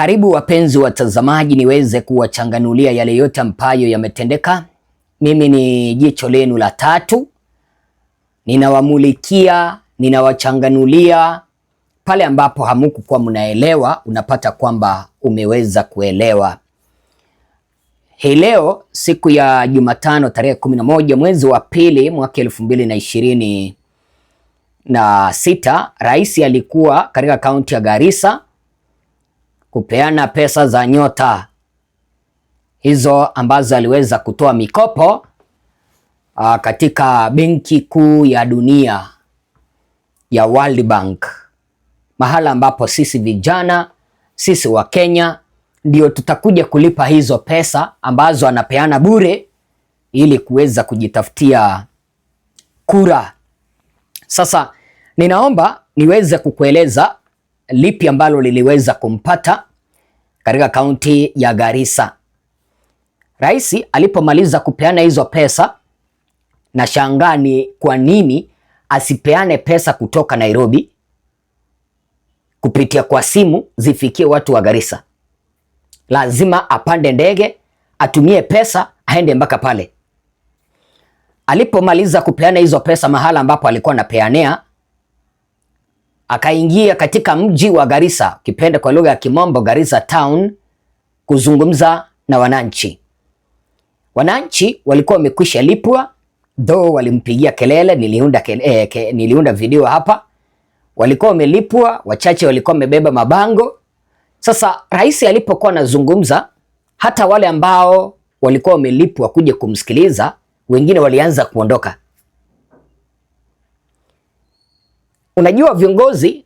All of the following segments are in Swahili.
Karibu wapenzi watazamaji, niweze kuwachanganulia yale yote ambayo yametendeka. Mimi ni jicho lenu la tatu, ninawamulikia, ninawachanganulia pale ambapo hamukukuwa mnaelewa, unapata kwamba umeweza kuelewa. Hii leo siku ya Jumatano tarehe 11 mwezi wa pili mwaka elfu mbili na ishirini na sita, rais alikuwa katika kaunti ya Garissa kupeana pesa za nyota hizo ambazo aliweza kutoa mikopo aa, ah, katika benki kuu ya dunia ya World Bank, mahala ambapo sisi vijana sisi wa Kenya ndio tutakuja kulipa hizo pesa ambazo anapeana bure ili kuweza kujitafutia kura. Sasa ninaomba niweze kukueleza lipi ambalo liliweza kumpata katika kaunti ya Garissa. Rais alipomaliza kupeana hizo pesa, na shangaa ni kwa nini asipeane pesa kutoka Nairobi kupitia kwa simu zifikie watu wa Garissa. Lazima apande ndege, atumie pesa, aende mpaka pale. Alipomaliza kupeana hizo pesa mahala ambapo alikuwa anapeanea akaingia katika mji wa Garissa, kipenda kwa lugha ya Kimombo Garissa town, kuzungumza na wananchi. Wananchi walikuwa wamekwisha lipwa do, walimpigia kelele, niliunda, eh, ke, niliunda video hapa. Walikuwa wamelipwa, wachache walikuwa wamebeba mabango. Sasa rais alipokuwa anazungumza, hata wale ambao walikuwa wamelipwa kuja kumsikiliza, wengine walianza kuondoka. Unajua viongozi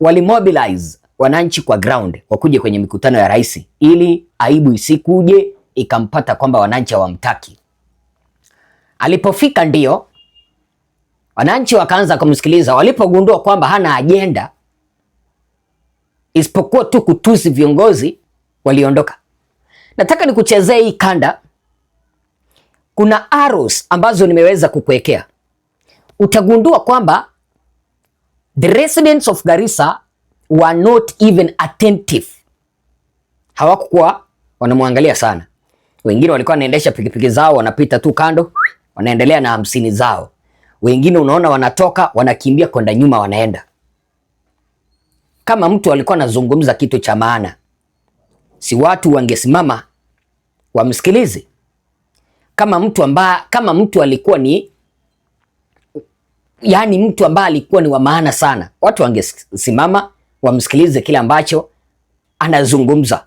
walimobilize wananchi kwa ground wakuje kwenye mikutano ya rais, ili aibu isikuje ikampata kwamba wananchi hawamtaki. Alipofika ndio wananchi wakaanza kumsikiliza, walipogundua kwamba hana ajenda isipokuwa tu kutusi viongozi, waliondoka. Nataka nikuchezee hii kanda, kuna arrows ambazo nimeweza kukuwekea, utagundua kwamba The residents of Garissa were not even attentive, hawakuwa wanamwangalia sana. Wengine walikuwa wanaendesha pikipiki zao wanapita tu kando, wanaendelea na hamsini zao. Wengine unaona wanatoka wanakimbia kwenda nyuma, wanaenda kama mtu alikuwa anazungumza kitu cha maana, si watu wangesimama wamsikilize? Kama mtu ambaye, kama mtu alikuwa ni yaani mtu ambaye alikuwa ni wa maana sana, watu wangesimama wamsikilize kile ambacho anazungumza,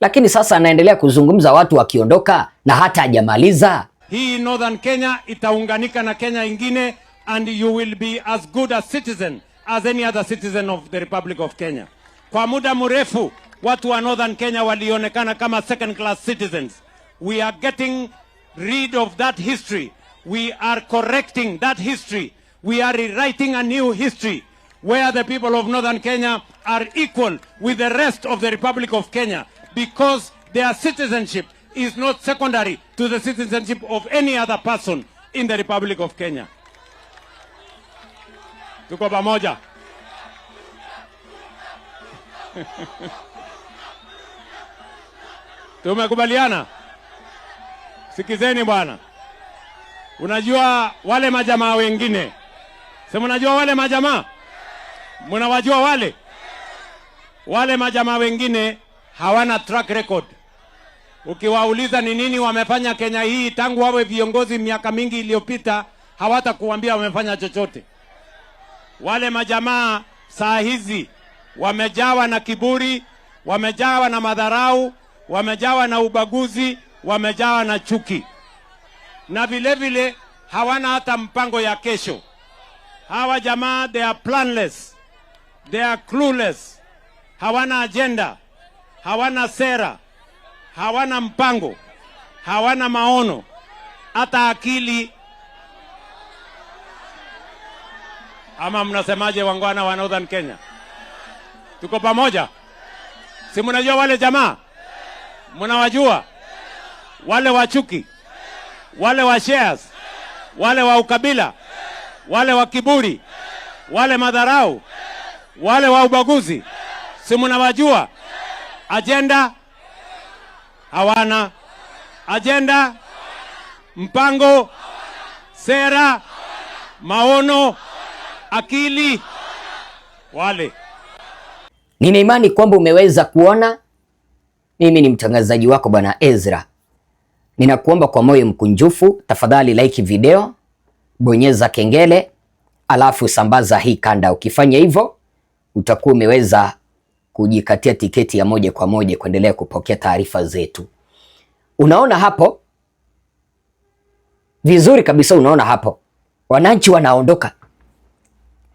lakini sasa anaendelea kuzungumza watu wakiondoka na hata hajamaliza. Hii Northern Kenya itaunganika na Kenya ingine and you will be as good a citizen as any other citizen of the Republic of Kenya. Kwa muda mrefu watu wa Northern Kenya walionekana kama second class citizens. We are getting rid of that history. We are correcting that history we are rewriting a new history where the people of northern Kenya are equal with the rest of the Republic of Kenya because their citizenship is not secondary to the citizenship of any other person in the Republic of Kenya. Tuko pamoja. Tumekubaliana? Sikizeni bwana. Unajua wale majamaa wengine Si mnajua wale majamaa? Mnawajua wale? Wale majamaa wengine hawana track record. Ukiwauliza ni nini wamefanya Kenya hii tangu wawe viongozi miaka mingi iliyopita, hawatakuambia wamefanya chochote. Wale majamaa saa hizi wamejawa na kiburi, wamejawa na madharau, wamejawa na ubaguzi, wamejawa na chuki, na vilevile hawana hata mpango ya kesho. Hawa jamaa they are planless, they are clueless, hawana agenda, hawana sera, hawana mpango, hawana maono, hata akili ama mnasemaje, wangwana wa Northern Kenya? Tuko pamoja? Si mnajua wale jamaa, mnawajua wale wa chuki, wale wa shares, wale wa ukabila wale wa kiburi, wale madharau, wale wa ubaguzi, si mnawajua? Ajenda hawana, ajenda mpango, sera, maono, akili wale. Nina imani kwamba umeweza kuona. Mimi ni mtangazaji wako Bwana Ezra. Ninakuomba kwa moyo mkunjufu, tafadhali like video bonyeza kengele, alafu sambaza hii kanda. Ukifanya hivyo utakuwa umeweza kujikatia tiketi ya moja kwa moja kuendelea kupokea taarifa zetu. Unaona hapo vizuri kabisa, unaona hapo wananchi wanaondoka,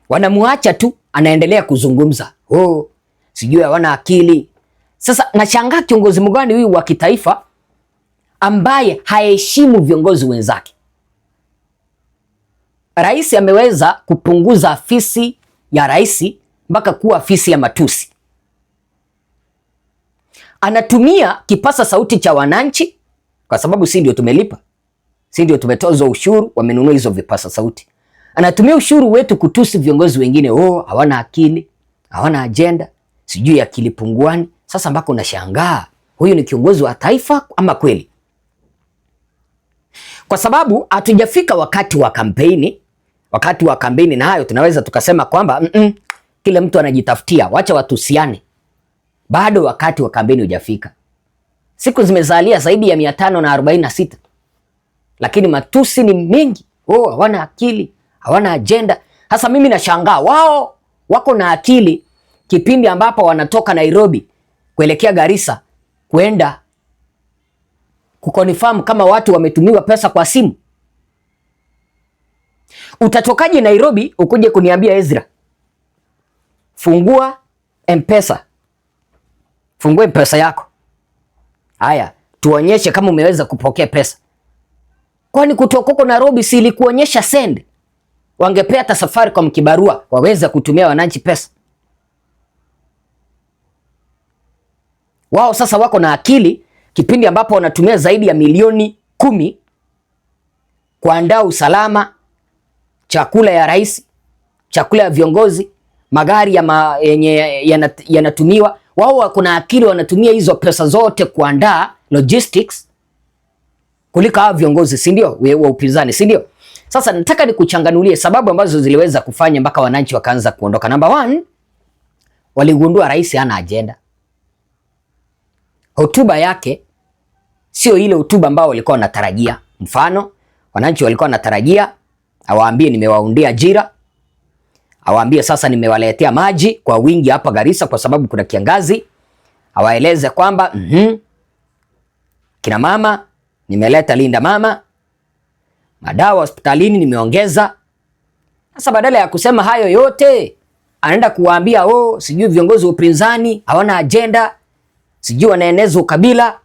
wanamuacha tu, anaendelea kuzungumza oh, sijui hawana akili. Sasa nashangaa kiongozi mgani huyu wa kitaifa ambaye haheshimu viongozi wenzake rais ameweza kupunguza afisi ya rais mpaka kuwa afisi ya matusi. Anatumia kipasa sauti cha wananchi, kwa sababu si ndio tumelipa, si ndio tumetozwa ushuru, wamenunua hizo vipasa sauti. Anatumia ushuru wetu kutusi viongozi wengine, oh, hawana akili, hawana ajenda, sijui akili punguani. Sasa mpaka unashangaa huyu ni kiongozi wa taifa ama kweli? Kwa sababu hatujafika wakati wa kampeni wakati wa kampeni, na hayo tunaweza tukasema kwamba mm -mm, kila mtu anajitafutia, wacha watusiane. Bado wakati wa kampeni hujafika. Siku zimezalia zaidi ya mia tano na arobaini na sita, lakini matusi ni mengi. Oh, hawana akili, hawana ajenda. Hasa mimi nashangaa wao wako na akili kipindi ambapo wanatoka Nairobi kuelekea Garissa kwenda kukonfirm kama watu wametumiwa pesa kwa simu. Utatokaje Nairobi ukuje kuniambia Ezra, fungua Mpesa, fungua Mpesa yako, haya tuonyeshe kama umeweza kupokea pesa. Kwani kutoka huko Nairobi si ilikuonyesha send? Wangepea hata safari kwa mkibarua waweza kutumia wananchi pesa wao. Sasa wako na akili, kipindi ambapo wanatumia zaidi ya milioni kumi kuandaa usalama chakula ya rais, chakula ya viongozi, magari ya ma, yenye yanatumiwa ya wao kuna akili, wanatumia hizo pesa zote kuandaa logistics kuliko hao viongozi, si ndio? Wa upinzani, si ndio? Sasa nataka nikuchanganulie sababu ambazo ziliweza kufanya mpaka wananchi wakaanza kuondoka. Number one, waligundua rais hana ajenda. Hotuba yake sio ile hotuba ambayo walikuwa wanatarajia. Mfano, wananchi walikuwa wanatarajia awaambie nimewaundia ajira, awaambie sasa nimewaletea maji kwa wingi hapa Garissa kwa sababu kuna kiangazi. Awaeleze kwamba mm -hmm, kina mama nimeleta Linda Mama, madawa hospitalini nimeongeza. Sasa badala ya kusema hayo yote anaenda kuwaambia oh, sijui viongozi wa upinzani hawana ajenda, sijui wanaeneza ukabila,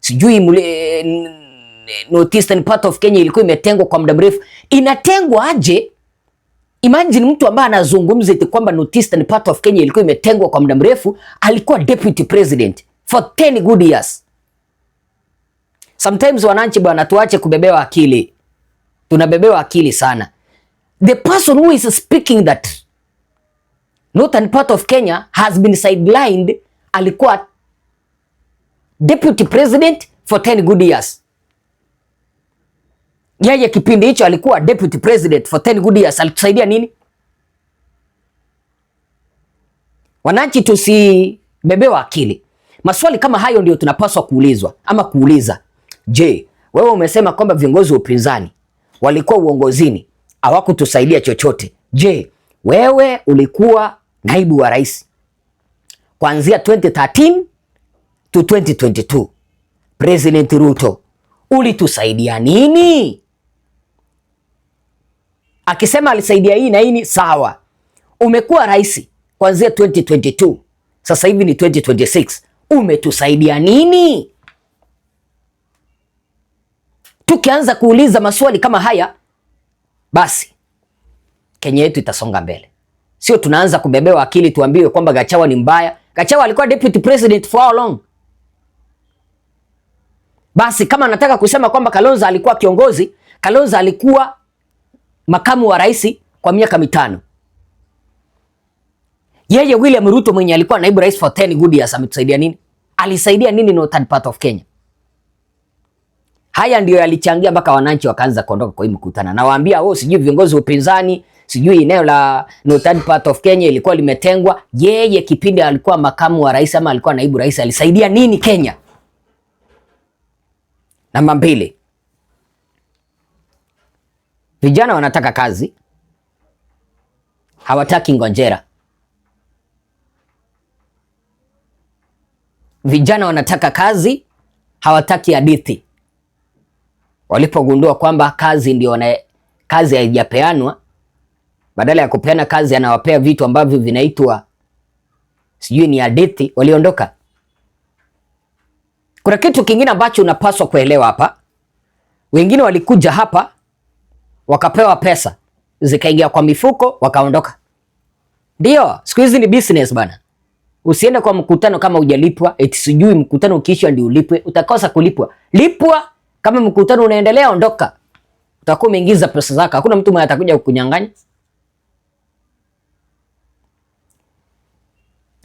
sijui mule, eh, Eh, northeastern part of Kenya ilikuwa imetengwa kwa muda mrefu, inatengwa aje? Imagine mtu ambaye anazungumza eti kwamba northeastern part of Kenya ilikuwa imetengwa kwa muda mrefu, alikuwa deputy president for 10 good years. Sometimes wananchi bwana, tuache kubebewa akili, tunabebewa akili sana. The person who is speaking that northern part of Kenya has been sidelined alikuwa deputy president for 10 good years yeye kipindi hicho alikuwa deputy president for 10 good years, alitusaidia nini? Wananchi, tusibebewa akili. Maswali kama hayo ndio tunapaswa kuulizwa ama kuuliza. Je, wewe umesema kwamba viongozi wa upinzani walikuwa uongozini hawakutusaidia chochote. Je, wewe ulikuwa naibu wa rais kuanzia 2013 to 2022, President Ruto ulitusaidia nini? akisema alisaidia hii na hii ni sawa. Umekuwa rais kuanzia 2022 sasa hivi ni 2026, umetusaidia nini? Tukianza kuuliza maswali kama haya, basi Kenya yetu itasonga mbele, sio tunaanza kubebewa akili tuambiwe kwamba gachawa ni mbaya. Gachawa alikuwa deputy president for how long? Basi kama nataka kusema kwamba Kalonzo alikuwa kiongozi, Kalonzo alikuwa makamu wa rais kwa miaka mitano. Yeye William Ruto mwenye alikuwa naibu rais for 10 good years ametusaidia nini? Alisaidia nini no third part of Kenya? Haya ndiyo yalichangia mpaka wananchi wakaanza kuondoka kwa hii mkutano. Nawaambia waambia oh, wao, sijui viongozi wa upinzani, sijui eneo la no third part of Kenya ilikuwa limetengwa. Yeye kipindi alikuwa makamu wa rais ama alikuwa naibu rais alisaidia nini Kenya? Namba mbili. Vijana wanataka kazi, hawataki ngonjera. Vijana wanataka kazi, hawataki hadithi. Walipogundua kwamba kazi ndio wana kazi haijapeanwa, badala ya kupeana kazi anawapea vitu ambavyo vinaitwa sijui ni hadithi, waliondoka. Kuna kitu kingine ambacho unapaswa kuelewa hapa. Wengine walikuja hapa wakapewa pesa zikaingia kwa mifuko wakaondoka. Ndio siku hizi ni business bana. Usiende kwa mkutano kama hujalipwa, eti sijui mkutano ukiisha ndio ulipwe. Utakosa kulipwa. Lipwa kama mkutano unaendelea, ondoka. Utakuwa umeingiza pesa zako, hakuna mtu mwenye atakuja kukunyang'anya.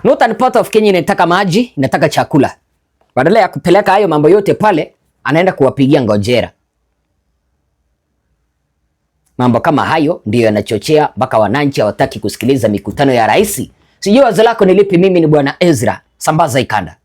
Northern part of Kenya inataka maji, inataka chakula. Badala ya kupeleka hayo mambo yote pale, anaenda kuwapigia ngojera. Mambo kama hayo ndiyo yanachochea mpaka wananchi hawataki kusikiliza mikutano ya rais. Sijui wazo lako ni lipi? Mimi ni Bwana Ezra, sambaza ikanda.